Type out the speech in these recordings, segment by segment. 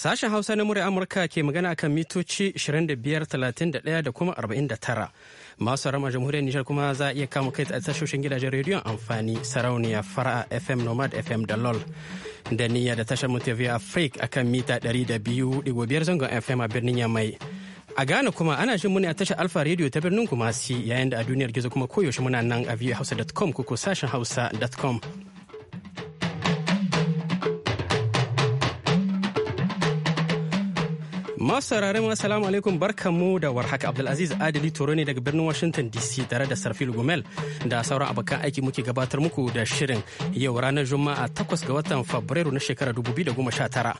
Sashen Hausa na murya Amurka ke magana kan mitoci 25,31 da kuma 49. Masu rama jamhuriyar Nijar kuma za a iya kama kai a tashoshin gidajen rediyon amfani sarauniya fara FM Nomad FM da LOL. Da niyya da tashar Mutavia Afrik a kan mita 200.5 zangon FM a birnin Yamai. A Ghana kuma ana jin muni a tashar Alfa Radio ta birnin Kumasi yayin da a duniyar gizo kuma koyaushe muna nan a viewhausa.com ko sashen hausa.com. Masu sauraron ma salamu alaikum barkanmu da warhaka Abdulaziz Adili Toro ne daga birnin Washington DC tare da Sarfil Gumel da sauran abokan aiki muke gabatar muku da shirin yau ranar Juma'a takwas ga watan Fabrairu na shekarar tara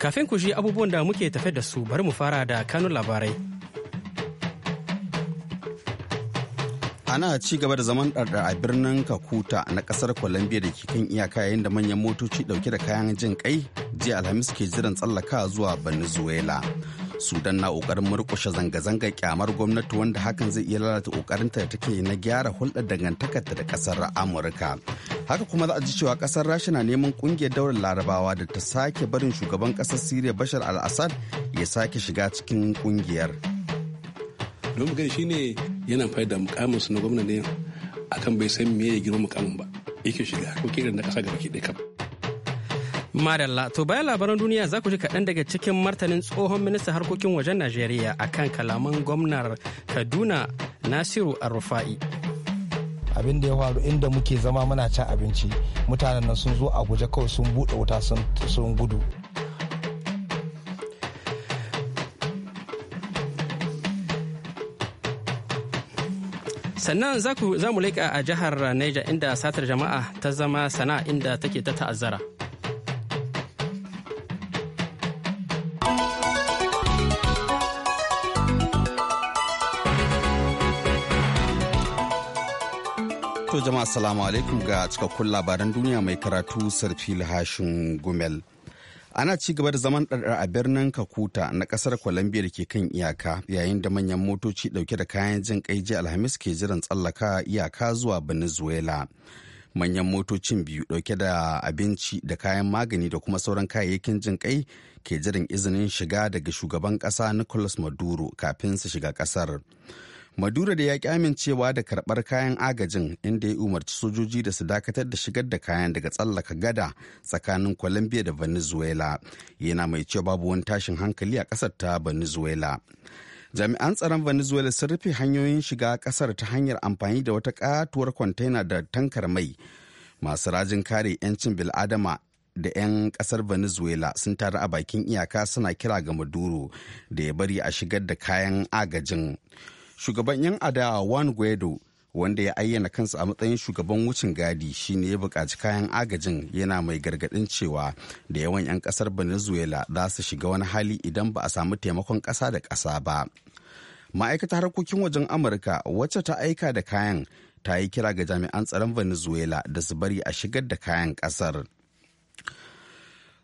Kafin ku ji abubuwan da muke tafe da su bari mu fara da kanun labarai. ana ci gaba da zaman ɗarɗar a birnin kakuta na ƙasar colombia da ke kan iyaka yayin da manyan motoci ɗauke da kayan jin kai jiya alhamis ke jiran tsallaka zuwa venezuela sudan na ƙoƙarin murƙushe zanga zanga kyamar gwamnati wanda hakan zai iya lalata ƙoƙarinta da take na gyara hulɗar ta da ƙasar amurka haka kuma za a ji cewa ƙasar rasha na neman ƙungiyar daular larabawa da ta sake barin shugaban ƙasar siriya bashar al-assad ya sake shiga cikin ƙungiyar. shi shine yana amfani da mukamin su na gwamna ne akan bai san me ya girma mukamin ba yake shiga ko irin na kasa gaba ke kam. Madalla, to bayan labaran duniya za ku ji kaɗan daga cikin martanin tsohon ministan harkokin wajen Najeriya akan kalaman gwamnar Kaduna Nasiru arufa'i abin da ya faru inda muke zama muna cin abinci mutanen nan sun zo a guje kawai sun buɗe wuta sun gudu sannan za mu laika a jihar niger inda satar jama'a ta zama sana'a inda take ta ta'azzara To jama'a salamu alaikum ga cikakkun labaran duniya mai karatu sarfil hashin gumel. ana ci gaba da zaman ɗarɗar a birnin kakuta na ƙasar colombia da ke kan iyaka yayin da manyan motoci ɗauke da kayan jin kai jiya alhamis ke jiran tsallaka iyaka zuwa venezuela manyan motocin biyu ɗauke da abinci da kayan magani da kuma sauran kayayyakin jin kai ke jiran izinin shiga daga shugaban ƙasa nicolas maduro kafin su shiga ƙasar madura da ya ki amincewa da karɓar kayan agajin inda ya umarci sojoji da su dakatar da shigar da kayan daga tsallaka gada tsakanin colombia da venezuela yana mai cewa babu wani tashin hankali a ƙasar ta venezuela jami'an tsaron venezuela sun rufe hanyoyin shiga ƙasar ta hanyar amfani da wata katuwar kwantena da tankar mai masu rajin kare 'yancin bil'adama da 'yan kasar venezuela sun taru a bakin iyaka suna kira ga maduro da ya bari a shigar da kayan agajin shugaban 'yan adawa wan guaido wanda ya ayyana kansa a matsayin shugaban wucin gadi shine ya buƙaci kayan agajin yana mai gargaɗin cewa da yawan 'yan ƙasar venezuela za su shiga wani hali idan ba a samu taimakon ƙasa da ƙasa ba ma'aikatar harkokin wajen amurka wacce ta aika da kayan ta yi kira ga jami'an tsaron venezuela da su bari a shigar da kayan ƙasar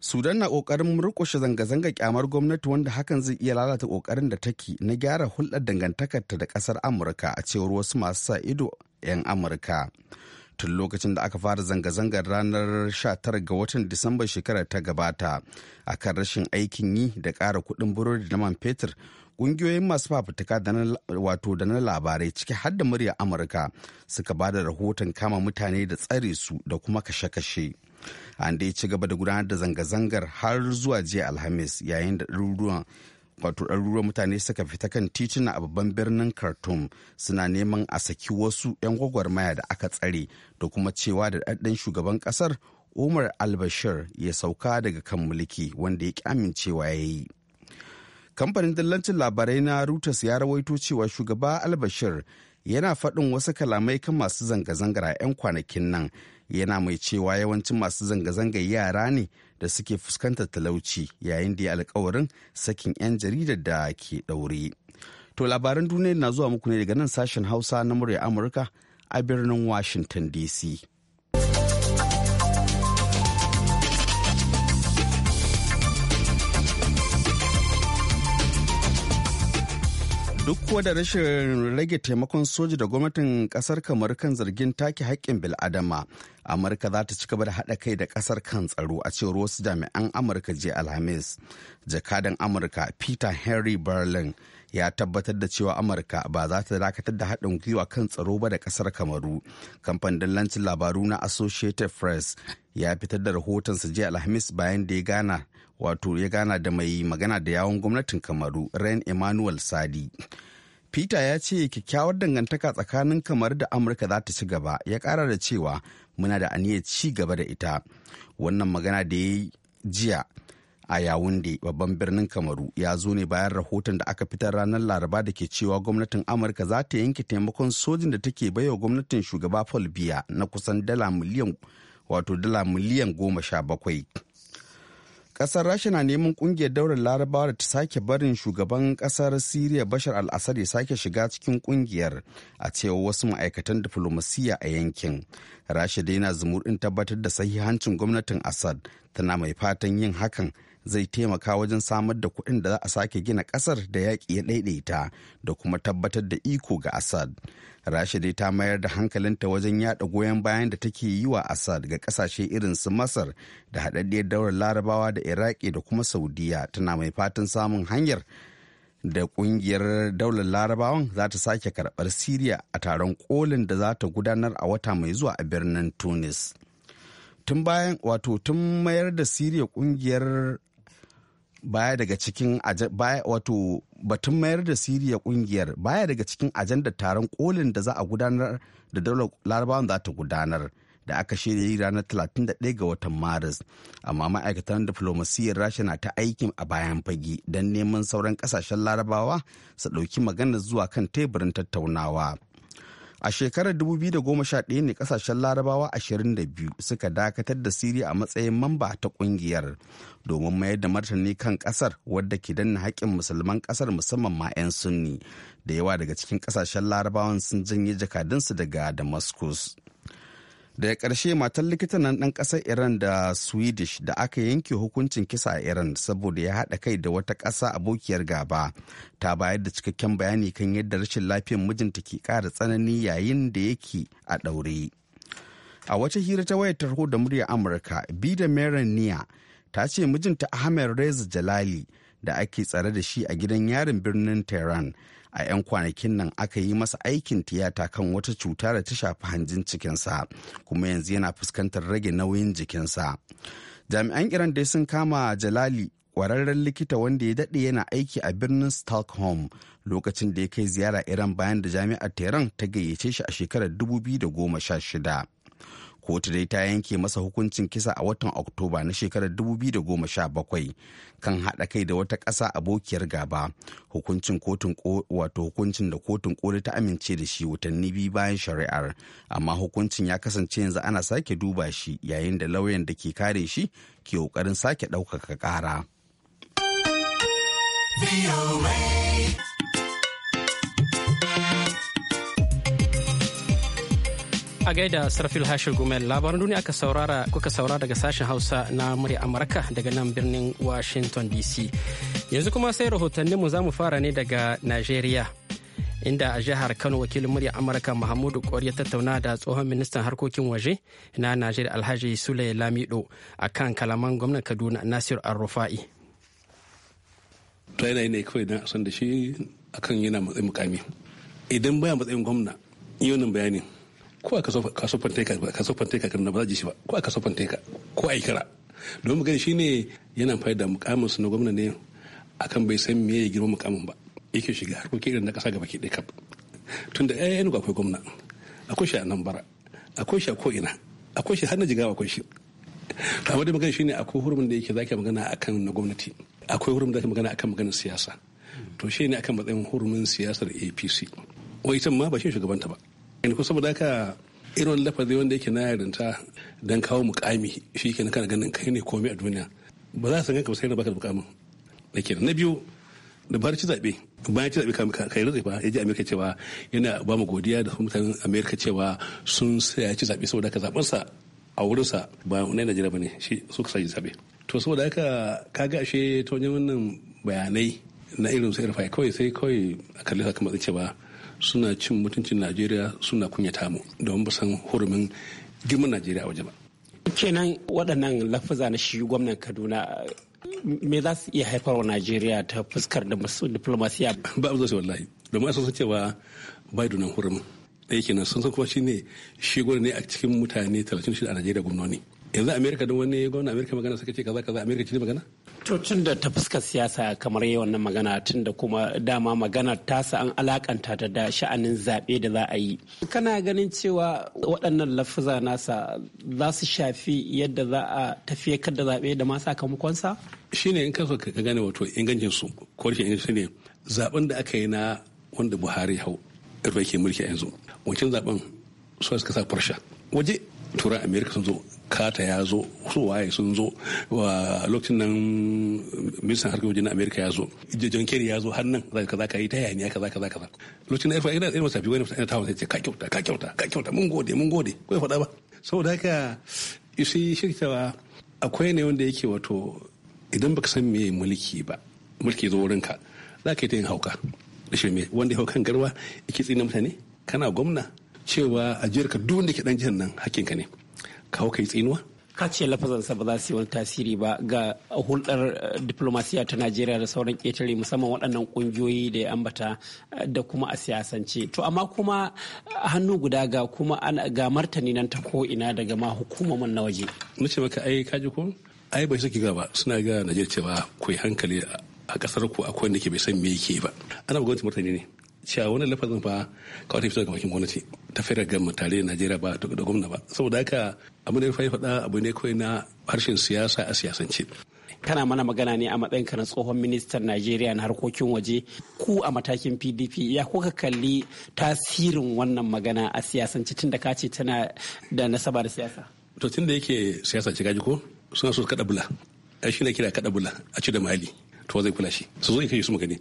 Sudan na ƙoƙarin murƙushe zanga-zanga kyamar gwamnati wanda hakan zai iya lalata ƙoƙarin da take na gyara hulɗar dangantakarta da ƙasar Amurka a cewar wasu masu sa ido 'yan Amurka. Tun lokacin da aka fara zanga-zangar ranar 19 ga watan Disamba shekarar ta gabata a kan rashin aikin yi da ƙara kuɗin burodi da man fetur ƙungiyoyin masu fafutuka wato da na labarai ciki har da murya amurka suka ba da rahoton kama mutane da tsare su da kuma kashe-kashe an ya ci gaba da gudanar da zanga-zangar har zuwa jiya alhamis yayin da ɗaruruwan wato ɗaruruwan mutane suka fita kan tituna a babban birnin khartoum suna neman a saki wasu 'yan gwagwarmaya da aka tsare da kuma cewa da ɗaɗɗan shugaban ƙasar umar albashir ya sauka daga kan mulki wanda ya ki amincewa ya yi kamfanin dillancin labarai na reuters ya rawaito cewa shugaba albashir yana faɗin wasu kalamai kan masu zanga-zangar a 'yan kwanakin nan yana mai cewa yawancin masu zanga zanga yara ne da suke fuskantar talauci yayin da ya alkawarin sakin 'yan jaridar da ke ɗaure. To labaran duniya na zuwa muku ne daga nan sashen Hausa na murya Amurka a birnin Washington DC. Duk kuwa da rashin rage taimakon soji da gwamnatin kasar kamar kan zargin take haƙƙin bil'adama, Amurka za ta ci gaba da haɗa kai da kasar kan tsaro a cewar wasu jami'an Amurka je Alhamis. Jakadan Amurka Peter Henry Berlin ya tabbatar da cewa Amurka ba za ta dakatar da haɗin gwiwa kan tsaro ba da ƙasar Kamaru. Kamfanin dillancin labaru na Associated Press ya fitar da rahotonsa jiya Alhamis bayan da ya gana wato ya gana da mai magana da yawon gwamnatin kamaru ren emmanuel sadi peter ya ce kyakkyawar dangantaka tsakanin kamar da amurka za ta ci gaba ya kara da cewa muna da aniyar ci gaba da ita wannan magana da ya yi jiya a yawunde babban birnin kamaru ya zo ne bayan rahoton da aka fitar ranar laraba da ke cewa gwamnatin amurka za ta yanke taimakon sojin da take baiwa gwamnatin shugaba paul biya na kusan dala miliyan wato dala miliyan goma sha bakwai kasar Rasha na neman kungiyar daular larabawa da ta sake barin shugaban kasar Siriya Bashar al-Assad ya sake shiga cikin kungiyar a cewa wasu ma'aikatan diflomasiyya a yankin. Rasha dai na zumurɗin tabbatar da sahihancin gwamnatin Assad tana mai fatan yin hakan zai taimaka wajen samar da kuɗin da za a sake gina ƙasar da yaƙi ya ɗaiɗaita da kuma tabbatar da iko ga Assad. rasha dai ta mayar da hankalinta wajen yada goyon bayan da take yi wa assad ga kasashe irin su masar da haɗaɗɗiyar daular larabawa da iraki da kuma saudiya tana mai fatan samun hanyar da kungiyar daular larabawan za ta sake karɓar siriya a taron kolin da za ta gudanar a wata mai zuwa a birnin tunis tun bayan wato tun mayar da siriya kungiyar baya daga cikin wato batun mayar da siriya kungiyar baya daga cikin ajandar taron kolin da za a gudanar da daular larabawan za ta gudanar da aka shirya yi ranar 31 ga watan maris amma ma'aikatan diflomasiyyar rasha na ta aikin a bayan fage don neman sauran kasashen larabawa su ɗauki magana zuwa kan teburin tattaunawa a shekarar 2011 ne kasashen larabawa 22 suka dakatar da siriya a matsayin mamba ta kungiyar domin mayar da martani kan kasar wadda ke danna haƙƙin musulman kasar musamman ma 'yan sunni da yawa daga cikin kasashen larabawan sun janye jakadunsu daga damascus daga ƙarshe matan likitan nan ɗan ƙasar iran da swedish da aka yanke hukuncin kisa a iran saboda ya haɗa kai da wata ƙasa abokiyar gaba ta bayar da cikakken bayani kan yadda rashin lafiyar mijinta ke ƙara tsanani yayin da yake a ɗaure a wata hira ta wayar tarho da murya amurka bida meron niya ta ce mijinta ahmed reza jalali da ake tsare da shi a gidan yarin birnin tehran a 'yan kwanakin nan aka yi masa aikin tiyata kan wata cuta da ta shafi hanjin cikinsa kuma yanzu yana fuskantar rage nauyin jikinsa jami'an iran dai sun kama jalali kwararren likita wanda ya daɗe yana aiki a birnin stockholm lokacin da ya kai ziyara iran bayan da jami'ar tehran ta gayyace shi a shekarar 2016 kotu dai ta yanke masa hukuncin kisa a watan oktoba na shekarar 2017 kan haɗa kai da wata ƙasa abokiyar gaba hukuncin kotun wato hukuncin da kotun koli ta amince da shi watanni biyu bayan shari'ar amma hukuncin ya kasance yanzu ana sake duba shi yayin da lauyan da ke kare shi ke ƙoƙarin sake ɗaukaka ƙara. A gaida Sarfil Hashir gomel labaran duniya aka saurara kuka saura daga sashen Hausa na murya Amurka daga nan birnin Washington DC. Yanzu kuma sai rahotanninmu za mu fara ne daga nigeria inda a jihar kano wakilin murya amurka mahamudu kwar ya tattauna da tsohon ministan harkokin waje na nigeria alhaji sule lamido a kan kalaman gwamnan kaduna nasir arrufa'i idan baya matsayin gwamna yi wannan bayanin ko a kaso ka kan ba za ji shi ba ko a kaso ka ko a yi kira domin gani shi ne yana amfani mukamin su na gwamna ne akan bai san me ya girma mukamin ba yake shiga harkokin irin na kasa gaba ke ɗaya tunda ayyan akwai gwamna akwai shi a nan bara akwai shi a ko ina akwai shi har na jigawa akwai shi amma dai magana shine akwai hurumin da yake zaki magana akan na gwamnati akwai hurumin da zaki magana akan maganar siyasa to shi ne akan matsayin hurumin siyasar apc wai ita ma ba shi shugabanta ba in ku saboda haka irin lafazi wanda yake na yarinta don kawo mukami shi ke kana ganin kai ne komai a duniya ba za su ganka sai na baka da mukamin da ke na biyu da bar ci zaɓe bayan ci zaɓe kai rutsi ba ya ji amerika cewa yana ba mu godiya da mutanen amerika cewa sun saya ci zaɓe saboda ka zaɓensa a wurinsa ba na najeriya ba ne shi su ka sayi zaɓe to saboda haka ka ga ashe ta wajen wannan bayanai na irin su irfa kawai sai kawai a kalli sakamakon cewa suna cin mutuncin najeriya suna kunyata mu don ba san hurumin girman najeriya a waje ba kenan waɗannan lafaza na shi gwamnan kaduna me za su iya haifarwa najeriya ta fuskar da diplomasiya ba a zo wallahi domin sun san cewa bai dunan hurumin ɗaya kenan sun san kuma ne shi ne a cikin mutane 36 a najeriya gwamnoni yanzu amerika don wani gwamnan amerika magana suka ce kaza kaza amerika ce magana tocin da ta fuskar siyasa kamar yi wannan magana tun da kuma dama magana ta an alakanta ta da sha'anin zaɓe da za a yi. Kana ganin cewa waɗannan lafuza nasa za su shafi yadda za a tafiye da zaɓe da ma sakamakonsa? Shi ne in ka ka gane wato ingancin su ko shi ingancin ne zaɓen da aka yi na wanda Buhari hau Irba ke mulki a yanzu. Wancan zaɓen su suka sa farsha. Waje turan Amerika sun zo kata ya zo su waye sun zo wa lokacin nan ministan harkar wajen amerika ya zo john keri ya zo har nan kaza ka yi ta yaya kaza kaza kaza lokacin nan ina irin masafi wani ina tawo sai ce ka kyauta ka kyauta ka kyauta mun gode mun gode ko ya faɗa ba saboda haka isi shirkawa akwai ne wanda yake wato idan baka san me mulki ba mulki zo wurinka za ka yi ta yin hauka da me wanda ya kan garwa yake tsina mutane kana gwamna cewa a jiyar ka duk wanda ke dan jihar nan hakinka ne kawo kai tsinuwa ka ce sa ba za su yi wani tasiri ba ga hulɗar eh, diplomasiya ta najeriya da sauran ƙetare musamman waɗannan ƙungiyoyi da ya ambata eh, da kuma a siyasance to amma kuma hannu guda ga kuma ga martani nan ta ko ina daga ma hukumomin na waje na ce maka ai kaji ko ai bai saki ba suna ga najeriya cewa ku hankali a kasar ku akwai wanda ke bai san me yake ba ana gwamnati martani ne cewa wani lafazin fa kawai ta fito daga makin gwamnati ta fira gama tare da najeriya ba da gwamna ba saboda haka abu ne fai faɗa abu ne kawai na harshen siyasa a siyasance kana mana magana ne a matsayinka na tsohon ministan najeriya na harkokin waje ku a matakin pdp ya kuka kalli tasirin wannan magana a siyasance tun da kace tana da nasaba da siyasa to tun da yake siyasa ce gaji ko suna so kada bula ai shi ne kira kada bula a ci da mali to zai kula shi su zo kai su magani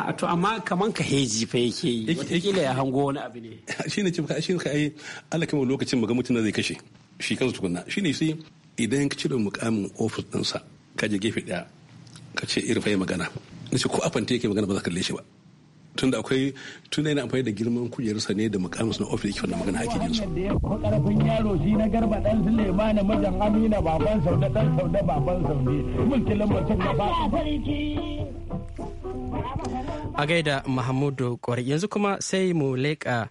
a to amma kaman ka heji fa yake yi wataƙila ya hango wani abu ne shi ne cewa shi ka yi Allah kama lokacin mu mutuna zai kashe shi kansa tukunna shi ne sai idan ka cire mukamin ofis ɗinsa ka je gefe ɗaya ka ce irin fa magana na ce ko fanta yake magana ba za ka kalle shi ba tun da akwai tun da yana amfani da girman kujerarsa ne da mukaminsa na ofis yake wannan magana ake jin su. yaro shi na garba amina baban baban mulkin da ba. A gaida Mahmudu Kwari yanzu kuma sai mu leka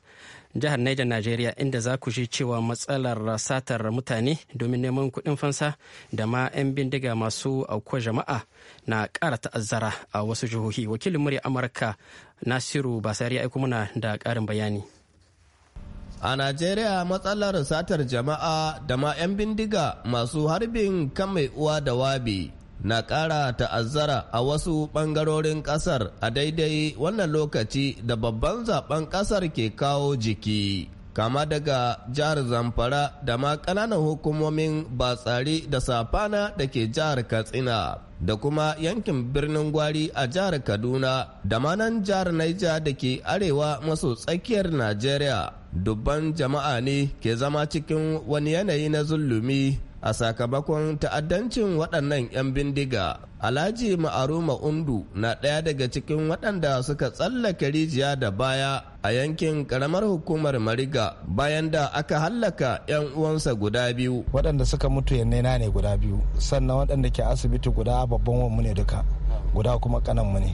jihar Niger Najeriya inda za ku ji cewa matsalar satar mutane domin neman kuɗin fansa da ma 'yan bindiga masu aukuwa jama'a na ƙara ta'azzara a wasu jihohi. Wakilin murya Amurka Nasiru Basari aiko muna da karin bayani. A Najeriya matsalar satar jama'a da ma 'yan bindiga masu harbin kan mai uwa da wabi na ƙara ta'azzara a wasu ɓangarorin ƙasar a daidai wannan lokaci da babban zaben ƙasar ke kawo jiki kama daga jihar zamfara da ma ƙananan hukumomin batsari da safana da ke jihar katsina da kuma yankin birnin gwari a jihar kaduna da manan jihar naija da ke arewa maso tsakiyar najeriya dubban jama'a ne ke zama cikin wani yanayi na zulumi a sakamakon ta'addancin waɗannan 'yan bindiga alhaji ma'aruma undu na ɗaya daga cikin waɗanda suka tsallaka rijiya da baya a yankin ƙaramar hukumar mariga bayan da aka hallaka 'yan uwansa guda biyu waɗanda suka mutu yannena ne guda biyu sannan waɗanda ke asibiti guda babban wanmu ne duka guda kuma kananmu ne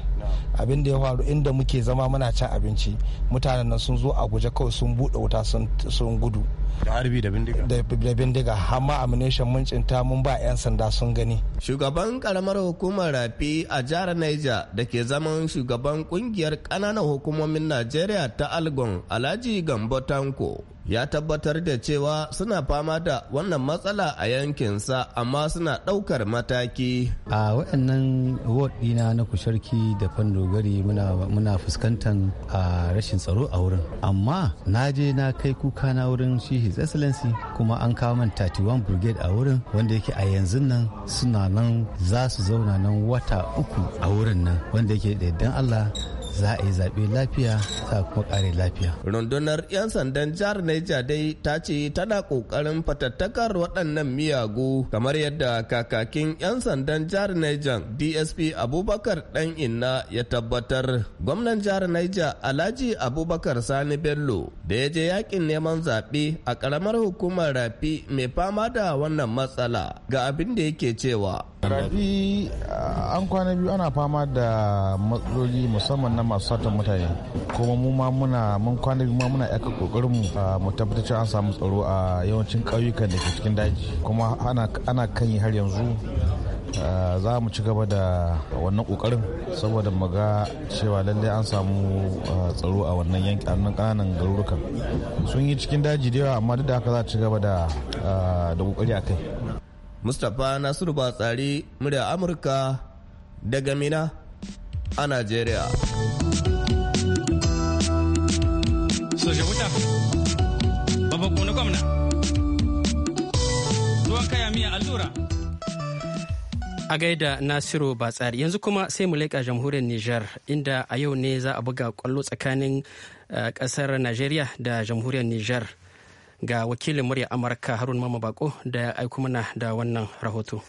abin da ya faru inda muke zama muna cin abinci mutanen nan sun zo a guje kawai sun buɗe wuta sun gudu da harbi da bindiga da bindiga amma amination mun cinta mun ba 'yan sanda sun gani shugaban karamar hukumar rafi a jihar niger da ke zaman shugaban kungiyar kananan hukumomin najeriya ta algon alhaji gambo tanko ya tabbatar da cewa suna fama da wannan matsala a yankinsa amma suna ɗaukar mataki. A waɗannan ward ɗina na kusharki da fandogari muna fuskantar a rashin tsaro a wurin. Amma na je na kai kuka na wurin shi His Excellency kuma an kawo man 31 Brigade a wurin wanda yake a yanzu nan suna nan za su zauna nan wata uku a wurin nan wanda yake da Allah za a yi zaɓe lafiya za kuma ƙare lafiya. rundunar 'yan sandan jihar Neja dai ta ce tana ƙoƙarin fatattakar waɗannan miyagu kamar yadda kakakin 'yan sandan jihar Neja DSP Abubakar ɗan inna ya tabbatar. Gwamnan jihar Neja Alhaji Abubakar Sani Bello da ya je yakin neman zaɓe a ƙaramar hukumar rafi mai fama da wannan matsala ga abin da yake cewa rabi an kwana biyu ana fama da matsaloli musamman na masu satan mutane kuma mu ma muna mun kwana biyu ma muna yaka kokarin mu ah, mu tabbatar cewa an samu tsaro a yawancin ƙauyukan da ke cikin daji kuma ana kan yi har yanzu ah, za mu ci gaba da wannan kokarin saboda mu ga cewa lalle an samu ah, tsaro a wannan yanki a nan kananan garurukan sun yi cikin daji da yawa amma duk da haka za ci gaba da kokari a kai mustapha nasiru batsari murya amurka daga mina a nigeria a gaida nasiru batsari yanzu kuma sai mu laika jamhuriyar Nijar inda a yau ne za a buga kwallo tsakanin kasar eh, ƙasar nigeria da jamhuriyar Nijar. ga wakilin murya amurka harun mama bako da ya aiko mana da wannan rahoto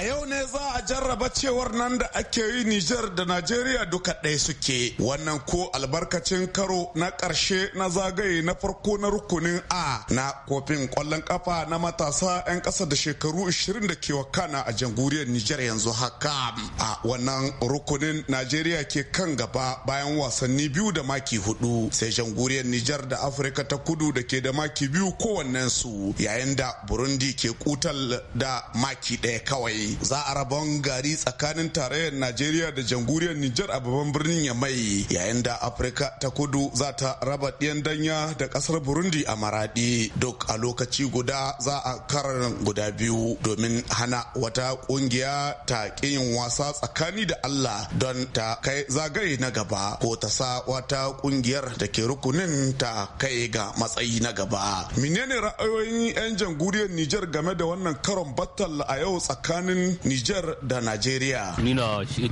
A yau ne za a jarraba cewar nan da ake yi Nijar da Najeriya duka ɗaya suke. Wannan ko albarkacin karo na ƙarshe na zagaye na farko na rukunin A na kofin ƙwallon ƙafa na matasa 'yan ƙasa da shekaru 20 da ke wakana a jamhuriyar Nijar yanzu haka. A wannan rukunin Najeriya ke kan gaba bayan wasanni biyu da maki hudu sai jamhuriyar Nijar da Afirka ta kudu da ke da maki biyu kowannensu yayin da Burundi ke kutal da maki ɗaya kawai. yi za a rabon gari tsakanin tarayyar najeriya da jamhuriyar nijar a babban birnin yamai yayin da afirka ta kudu za ta raba ɗiyan danya da ƙasar burundi a maraɗi duk a lokaci guda za a karar guda biyu domin hana wata ƙungiya ta yin wasa tsakani da allah don ta kai zagaye na gaba ko ta sa wata ƙungiyar da ke rukunin ta kai ga matsayi na gaba menene ra'ayoyin 'yan jamhuriyar nijar game da wannan karon battal a yau tsakanin tsakanin Nijar da Nigeria. Ni na shi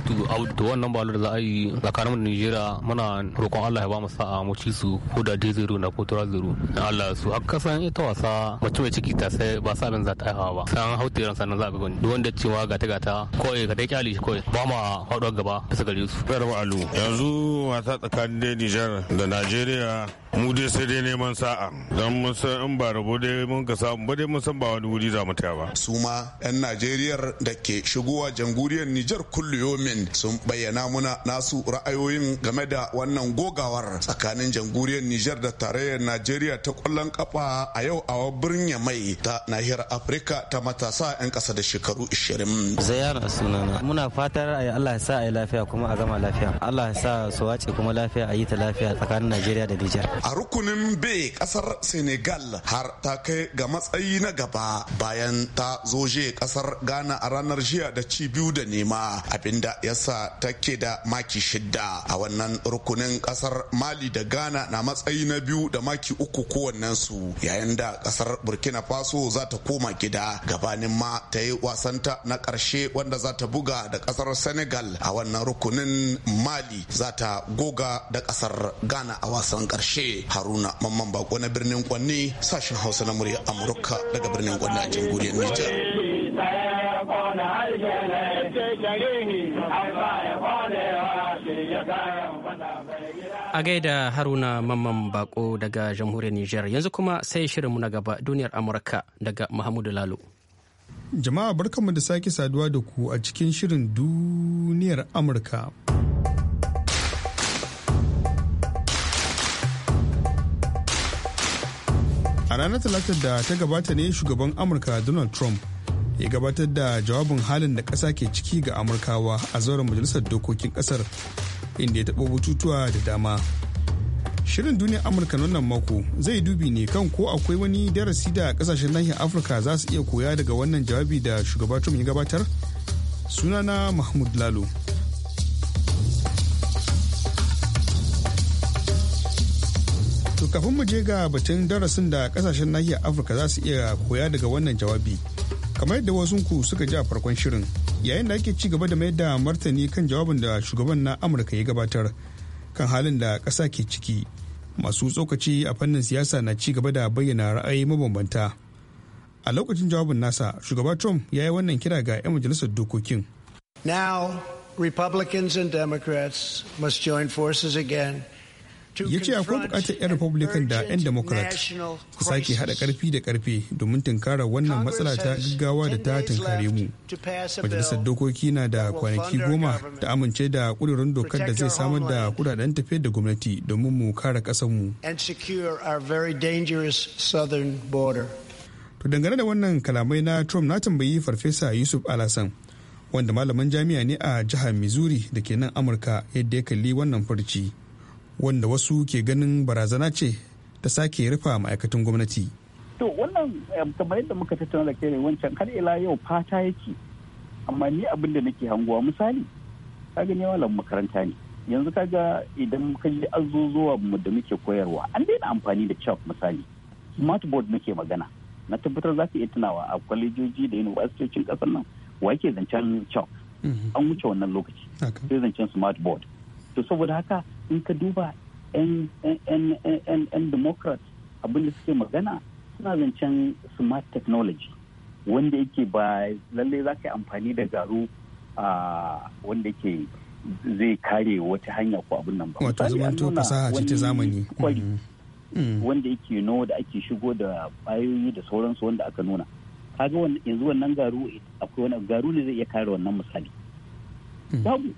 to wannan balar da za a yi tsakanin Nigeria muna roƙon Allah ya ba mu sa'a mu ci su ko da dai zero na ko tura zero. Na Allah su haka san ita wasa mace mai ciki ta sai ba sa abin za ta haifa ba. San hauta ran sanan za a gani duk wanda cewa gata gata koyi ka dai kyale shi koyi ba ma faɗuwar gaba bisa gare su. yanzu wasa tsakanin Nijar da Nigeria mu dai sai dai neman sa'a don mun san in ba rabo dai mun ka samu ba dai mun san ba wani wuri za mu taya ba su ma yan najeriyar da ke shigowa jamhuriyar nijar kulliyomin sun bayyana muna nasu ra'ayoyin game da wannan gogawar tsakanin jamhuriyar nijar da tarayyar najeriya ta kwallon kafa a yau a birnin mai ta nahiyar afirka ta matasa yan kasa da shekaru 20 ziyara sunana muna fatar ayi allah ya sa ayi lafiya kuma a gama lafiya allah ya sa su wace kuma lafiya a yi ta lafiya tsakanin najeriya da nijar a rukunin b kasar senegal har ta kai ga matsayi na gaba bayan ta zo je kasar ghana a ranar jiya da ci biyu da nema abinda yasa take da maki shidda a wannan rukunin kasar mali da ghana na matsayi na biyu da maki uku kowannensu yayin da kasar burkina faso za ta koma gida gabanin ma ta yi wasanta na ƙarshe, wanda za ta buga da kasar senegal a wannan rukunin mali za ta goga da kasar ghana a wasan ƙarshe. haruna mamman bako na birnin Kwanne sashen hausa na murya amurka daga birnin Kwanne a jamhuriyar Niger. a gaida haruna mamman bako daga jamhuriyar nijar yanzu kuma sai shirin na gaba duniyar amurka daga muhammadu lalo jama'a barkanmu da sake saduwa da ku a cikin shirin duniyar amurka ranar talatar da ta gabata ne shugaban amurka donald trump ya gabatar da jawabin halin da ƙasa ke ciki ga amurkawa a zauren majalisar dokokin ƙasar inda ya taɓa bututuwa da dama shirin duniyar amurka wannan mako zai dubi ne kan ko akwai wani darasi da kasashen nahiyar afirka za su iya koya daga wannan jawabi da shugaba trump ya gabatar sunana mahmud lalo kafin mu je ga batun darasin da kasashen nahiyar afirka za su iya koya daga wannan jawabi kamar yadda wasunku suka ji a farkon shirin yayin da ake ci gaba da mayar da martani kan jawabin da shugaban na amurka ya gabatar kan halin da ƙasa ke ciki masu tsokaci a fannin siyasa na ci gaba da bayyana ra'ayi mabambanta a lokacin jawabin nasa shugaba trump ya yi wannan kira ga 'yan majalisar dokokin now republicans and democrats must join forces again ya ce akwai bukatar 'yan republican da 'yan democrat su sake hada karfi da karfe domin tunkara wannan matsala ta gaggawa da ta tunkare mu majalisar dokoki na da kwanaki goma ta amince da kudurin dokar da zai samar da kudaden tafiyar da gwamnati domin mu kare mu. to dangane da wannan kalamai na trump na tambayi farfesa yusuf alasan wanda malaman jami'a ne a jihar missouri da ke nan amurka yadda ya kalli wannan farci. wanda wasu ke ganin barazana ce ta sake rufa ma'aikatan gwamnati. To wannan eh, kamar yadda muka tattauna da kai wancan har ila yau fata yake amma ni abin da nake hangowa misali kaga ne malam makaranta ne yanzu kaga idan muka ji azuzuwa mu da muke koyarwa an daina amfani da chalk misali smart board muke magana na tabbatar za ka iya tunawa a kwalejoji da universitocin kasar nan wa yake zancen chalk mhm. an wuce wannan lokaci sai zancen smart board. to saboda haka in ka duba 'yan democrat abinda suke magana suna zancen smart technology wanda yake ba lallai za ka yi amfani da garu wanda ke zai kare wata hanya ko abin nan ba. Wato zamanto fasaha ce ta zamani. Mm-hmm. Mm. Wanda yake nawa da ake shigo da bayoyi da sauransu wanda aka nuna. Kaga yanzu wannan garu akwai wani garu ne zai iya kare wannan misali. Mm. Babu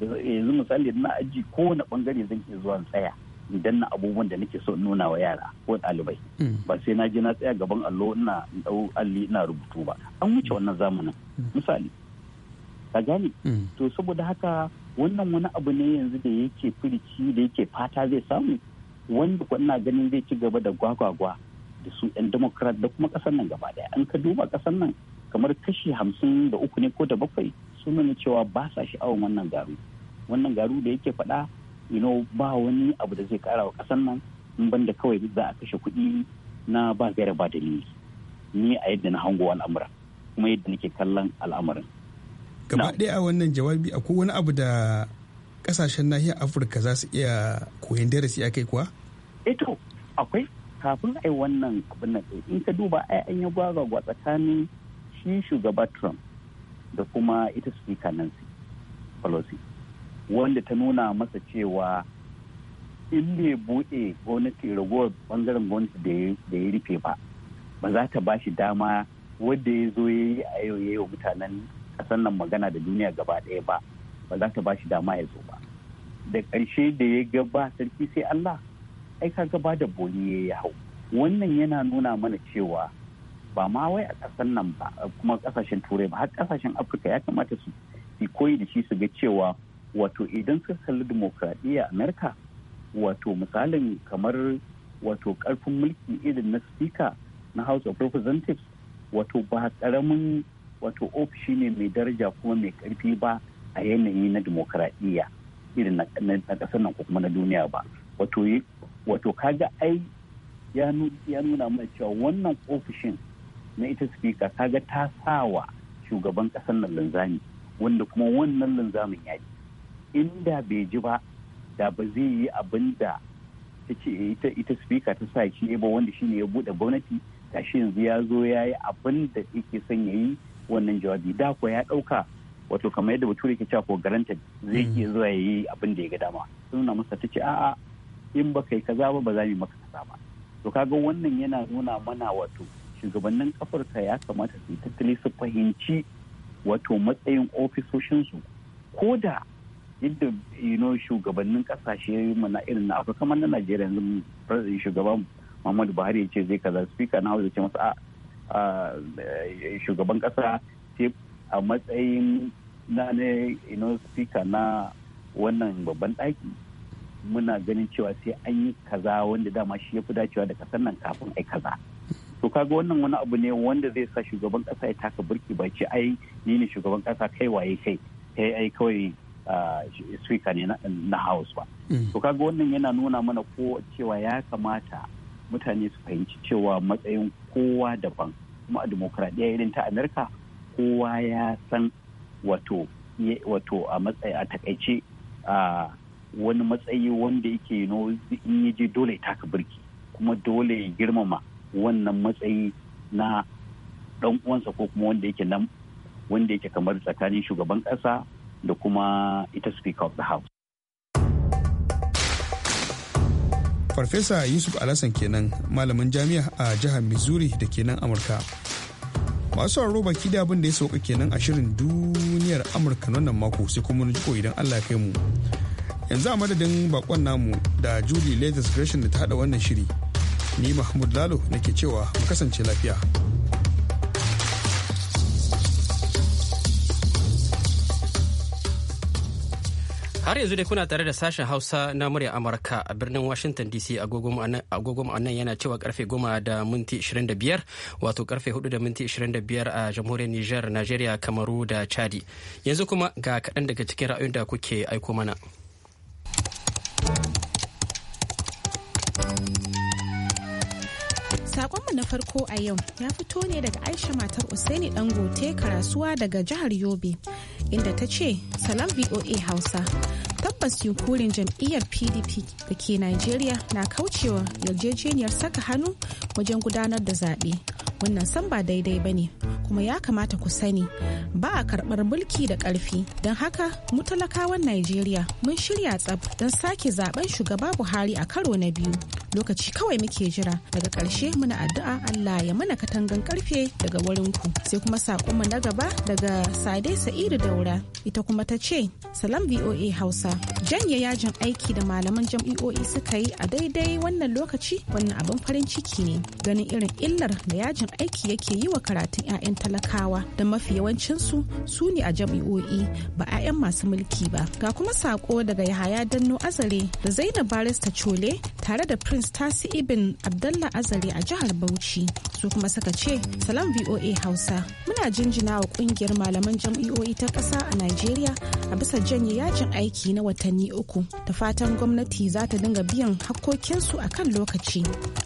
yanzu misali na aji ko kowane bangare zan iya zuwa tsaya idan na abubuwan da nake so nuna wa yara ko ɗalibai mm. ba sai na je na tsaya gaban allo ina dau alli ina rubutu ba an wuce mm. wannan zamanin mm. misali ka gane to saboda haka wannan wani abu ne yanzu da yake firici da yake fata zai samu wanda kuna ganin zai ci gaba da gwagwagwa da su 'yan democrat da kuma kasar nan gaba daya an ka duba kasar nan kamar kashi hamsin da uku ne ko da bakwai sun nuna cewa ba sa sha'awan wannan garu wannan garu da yake faɗa you know ba wani abu da zai kara wa ƙasar nan in banda kawai za a kashe kuɗi na ba gare ba dalili ni a yadda na hango al'amura kuma yadda nake kallon al'amarin gaba ɗaya a wannan jawabi akwai wani abu da kasashen nahiyar afirka za su iya koyan darasi a kai kuwa? eto eh akwai kafin ai wannan abin in ka duba ai an yi gwagwagwa tsakanin shi shugaba trump da kuma ita speaker Nancy Pelosi wanda ta nuna masa cewa in bai buɗe gwamnati raguwar bangaren gwamnati da ya rufe ba ba za ta ba dama wadda ya zo ya yi a yau ya wa mutanen ƙasar nan magana da duniya gaba ɗaya ba ba za ta bashi dama ya zo ba da ƙarshe da ya ga ba sarki sai Allah ai ka gaba da boli ya hau wannan yana nuna mana cewa ba ma wai a ƙasar nan ba kuma ƙasashen turai ba har ƙasashen afirka ya kamata su yi koyi da shi su ga cewa wato idan suka kalli demokradiyya amerika wato misalin kamar wato ƙarfin mulki irin na speaker na house of representatives wato ba ƙaramin wato ofishi ne mai daraja kuma mai ƙarfi ba a yanayi na demokradiyya irin na ƙasar nan ko kuma na duniya ba wato wato kaga ai ya nuna mana cewa wannan ofishin na ita speaker kaga ta sawa shugaban kasar nan linzami wanda kuma wannan linzamin ya yi inda bai ji ba da ba zai yi abin da ta ce ita ita speaker ta sa shi ba wanda shi ne ya buɗe gwamnati ta shi yanzu ya zo ya yi abin da yake son ya yi wannan jawabi da ko ya ɗauka wato kamar yadda bature ke cewa ko garanta zai mm-hmm. iya zuwa ya yi abin da ya ga dama suna masa ta ce a'a in ba kai kaza ba ba za mu maka kaza ba to kaga wannan yana nuna mana wato shugabannin afirka ya kamata su tattalin tattali su fahimci wato matsayin ofisoshinsu ko da yadda shugabannin kasashe na irin na afirka kamar na najeriya yanzu shugaban muhammadu buhari ya ce zai kaza speaker na hausa ce masa a ah, ah, eh, shugaban kasa ce a matsayin na ne speaker na wannan babban ɗaki muna ganin cewa sai an yi kaza wanda dama shi ya fi dacewa da kasar nan kafin ai kaza to kaga wannan wani abu ne wanda zai sa shugaban kasa ya taka burki ce ai ni ne shugaban kasa kai waye kai kai ai kawai speaker ne na house ba mm. to kaga wannan yana nuna mana ko cewa ya kamata mutane su fahimci cewa matsayin kowa daban kuma a demokradiyya irin ta amerika kowa ya san wato wato a matsayi a takaice wani matsayi wanda yake yi in ya je dole ya taka birki kuma dole ya girmama wannan matsayi na ɗan uwansa ko kuma wanda yake nan wanda yake kamar tsakanin shugaban ƙasa da kuma ita speaker of the house farfesa yusuf alasan kenan malamin jami'a a jihar missouri da ke nan amurka masu sauraro baki da abin da ya sauka kenan a shirin duniyar amurka wannan mako sai kuma na jiko idan allah kai mu yanzu a madadin bakon namu da julie Leathers gresham da ta hada wannan shiri ni mahmud lalo nake cewa mu kasance lafiya har yanzu dai kuna tare da sashen hausa na murya amurka a birnin washington dc agogon nan yana cewa karfe 10 da minti 25 wato karfe 4 da minti 25 a jamhuriyar niger nigeria kamaru da chadi yanzu kuma ga kaɗan daga cikin ra'ayoyin da kuke aiko mana Sakonmu na farko a yau ya fito ne daga Aisha matar Usaini Dangote karasuwa daga jihar Yobe inda ta ce salam VOA Hausa tabbas yunkurin jam'iyyar pdp da ke nigeria na kaucewa yarjejeniyar saka hannu wajen gudanar da zaɓe wannan san ba daidai ba ne kuma ya kamata ku sani ba a karɓar mulki da ƙarfi don haka mu talakawan nigeria mun shirya tsab don sake zaben shugaba buhari a karo na biyu lokaci kawai muke jira daga ƙarshe muna addu'a allah ya mana katangan ƙarfe daga wurinku sai kuma saƙonmu na gaba daga sade sa'idu daura ita kuma ta ce salam voa hausa Janye yajin aiki da malaman jam'i'o'i suka yi a daidai wannan lokaci wannan abin farin ciki ne ganin irin illar da yajin aiki yake yi wa karatun 'ya'yan talakawa da mafi yawancinsu su ne a jam'i'o'i ba 'ya'yan masu mulki ba. Ga kuma sako daga Yahaya Danno Azare da Zainab Barista Chole tare da Prince Tasi Ibn Abdallah Azare a jihar Bauchi. Su kuma suka ce, Salam VOA Hausa, muna jinjina wa kungiyar malaman jam'i'o'i ta ƙasa a Najeriya a bisa janye yajin aiki na watanni uku da fatan gwamnati za ta dinga biyan hakkokinsu a kan lokaci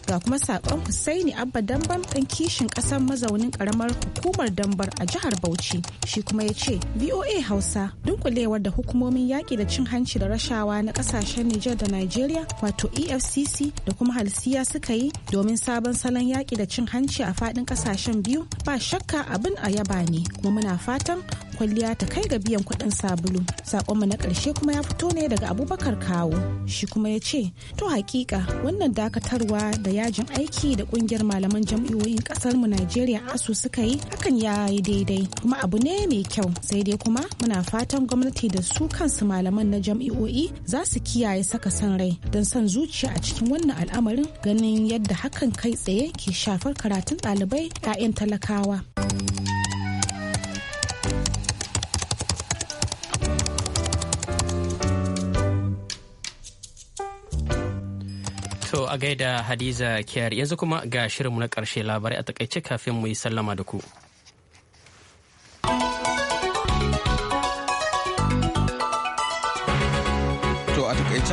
ga kuma saƙon husaini abba damben ɗan kishin ƙasar mazaunin ƙaramar hukumar dambar a jihar bauchi shi kuma ya ce voa hausa dunkulewar da hukumomin yaƙi da cin hanci da rashawa na ƙasashen nijar da nigeria wato efcc da kuma halsiya suka yi domin sabon salon yaƙi da cin hanci a faɗin ƙasashen biyu ba shakka abin a yaba ne kuma muna fatan kwalliya ta kai ga biyan kuɗin sabulu sakonmu na ƙarshe kuma ya fito ne daga abubakar kawo shi kuma ya ce to hakika wannan dakatarwa da yajin aiki da ƙungiyar malaman jam'iyyoyin mu najeriya asu suka yi hakan ya yi daidai kuma abu ne mai kyau sai dai kuma muna fatan gwamnati da su kansu malaman na jam'iyyoyi za su kiyaye saka san rai don san zuciya a cikin wannan al'amarin ganin yadda hakan kai tsaye ke shafar karatun ɗalibai 'ya'yan talakawa. To a gaida Hadiza Kiyar yanzu kuma ga shirinmu na ƙarshe labarai a takaice kafin mu yi sallama da ku.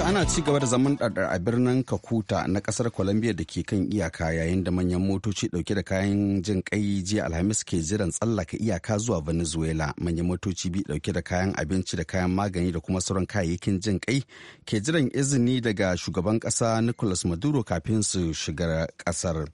ana ci gaba da zaman ɗaɗɗar a birnin Kakuta na ƙasar Colombia da ke kan iyaka yayin da manyan motoci ɗauke da kayan jin ƙai jiya Alhamis ke jiran tsallaka iyaka zuwa Venezuela. Manyan motoci biyu ɗauke da kayan abinci da kayan magani da kuma sauran kayayyakin jin ƙai ke jiran izini daga shugaban ƙasa Nicolas Maduro kafin su shiga ƙasar.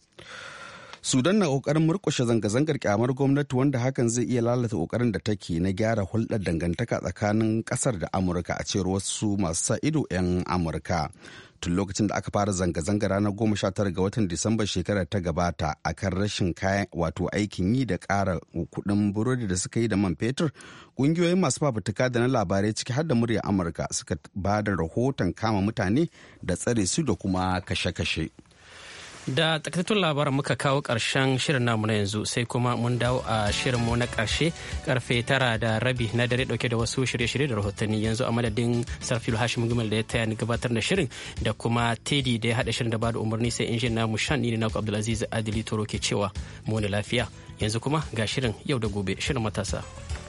Sudan na kokarin murkushe zanga-zangar kyamar gwamnati wanda hakan zai iya lalata kokarin da take na gyara hulɗar dangantaka tsakanin kasar da Amurka a cewar wasu masu sa ido 'yan Amurka. Tun lokacin da aka fara zanga-zanga ranar goma sha tara ga watan Disamba shekarar ta gabata a kan rashin kayan wato aikin yi da kara kuɗin burodi da suka yi da man fetur, ƙungiyoyin masu fafutuka da na labarai ciki har da murya Amurka suka ba da rahoton kama mutane da tsare su da kuma kashe-kashe. Da takaitattun labaran muka kawo ƙarshen shirin namu na yanzu sai kuma mun dawo a shirinmu na ƙarshe karfe tara da rabi na dare ɗauke da wasu shirye-shirye da rahotanni yanzu a madadin Sarfilu Hashim gumel da ya taya ni gabatar da shirin da kuma Teddy da ya haɗa shirin da bada umarni sai injin namu shan ni naku Abdulaziz Adili Toro ke cewa mu lafiya yanzu kuma ga shirin yau da gobe shirin matasa.